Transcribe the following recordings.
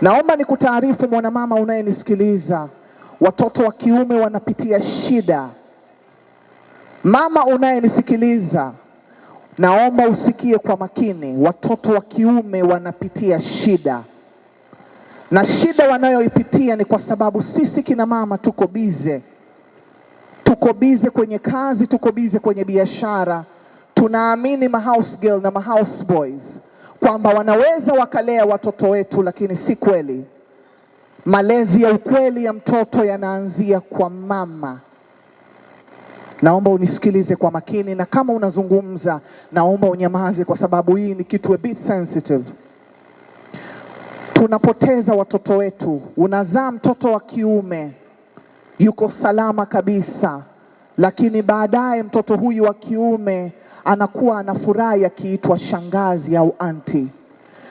Naomba nikutaarifu mwanamama unayenisikiliza, watoto wa kiume wanapitia shida. Mama unayenisikiliza, naomba usikie kwa makini, watoto wa kiume wanapitia shida, na shida wanayoipitia ni kwa sababu sisi kina mama tuko bize, tuko bize kwenye kazi, tuko bize kwenye biashara. Tunaamini mahouse girl na mahouse boys kwamba wanaweza wakalea watoto wetu, lakini si kweli. Malezi ya ukweli ya mtoto yanaanzia kwa mama. Naomba unisikilize kwa makini, na kama unazungumza, naomba unyamaze, kwa sababu hii ni kitu a bit sensitive. Tunapoteza watoto wetu. Unazaa mtoto wa kiume yuko salama kabisa, lakini baadaye mtoto huyu wa kiume anakuwa anafurahi akiitwa shangazi au anti.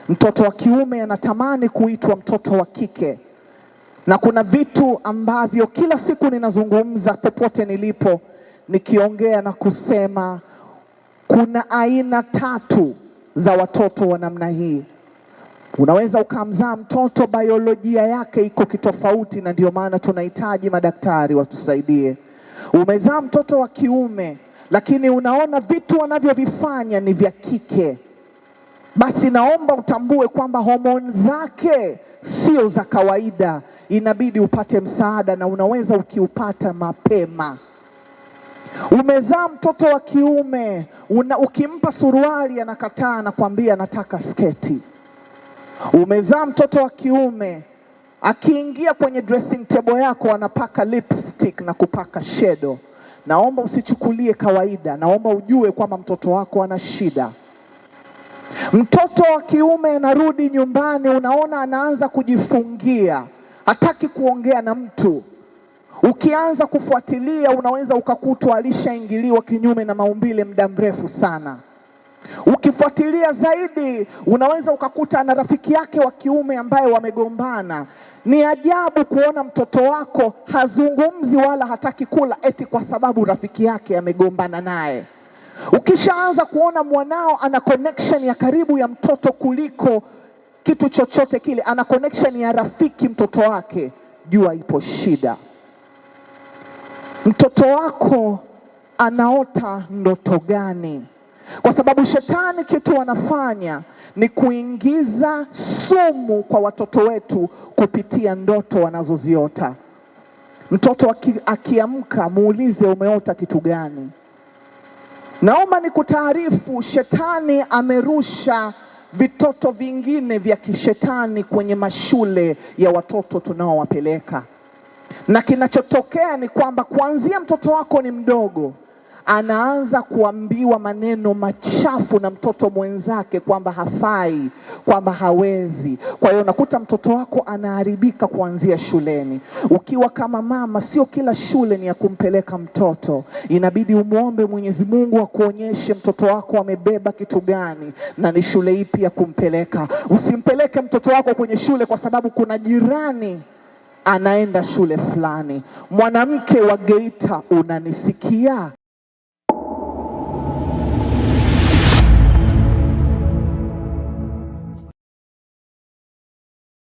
Mtoto wa kiume anatamani kuitwa mtoto wa kike, na kuna vitu ambavyo kila siku ninazungumza popote nilipo, nikiongea na kusema kuna aina tatu za watoto wa namna hii. Unaweza ukamzaa mtoto biolojia yake iko kitofauti, na ndio maana tunahitaji madaktari watusaidie. Umezaa mtoto wa kiume lakini unaona vitu wanavyovifanya ni vya kike, basi naomba utambue kwamba homoni zake sio za kawaida. Inabidi upate msaada na unaweza ukiupata mapema. Umezaa mtoto wa kiume una, ukimpa suruali anakataa, anakwambia anataka sketi. Umezaa mtoto wa kiume akiingia kwenye dressing table yako anapaka lipstick na kupaka shadow. Naomba usichukulie kawaida, naomba ujue kwamba mtoto wako ana shida. Mtoto wa kiume anarudi nyumbani, unaona anaanza kujifungia, hataki kuongea na mtu. Ukianza kufuatilia, unaweza ukakutwa alishaingiliwa kinyume na maumbile muda mrefu sana. Ukifuatilia zaidi unaweza ukakuta na rafiki yake wa kiume ambaye wamegombana. Ni ajabu kuona mtoto wako hazungumzi wala hataki kula eti kwa sababu rafiki yake amegombana naye. Ukishaanza kuona mwanao ana connection ya karibu ya mtoto kuliko kitu chochote kile, ana connection ya rafiki mtoto wake, jua ipo shida. Mtoto wako anaota ndoto gani? kwa sababu shetani kitu wanafanya ni kuingiza sumu kwa watoto wetu kupitia ndoto wanazoziota. Mtoto aki, akiamka muulize umeota kitu gani? Naomba nikutaarifu, shetani amerusha vitoto vingine vya kishetani kwenye mashule ya watoto tunaowapeleka, na kinachotokea ni kwamba kuanzia mtoto wako ni mdogo anaanza kuambiwa maneno machafu na mtoto mwenzake kwamba hafai, kwamba hawezi. Kwa hiyo unakuta mtoto wako anaharibika kuanzia shuleni. Ukiwa kama mama, sio kila shule ni ya kumpeleka mtoto, inabidi umwombe Mwenyezi Mungu akuonyeshe mtoto wako amebeba kitu gani na ni shule ipi ya kumpeleka. Usimpeleke mtoto wako kwenye shule kwa sababu kuna jirani anaenda shule fulani. Mwanamke wa Geita, unanisikia?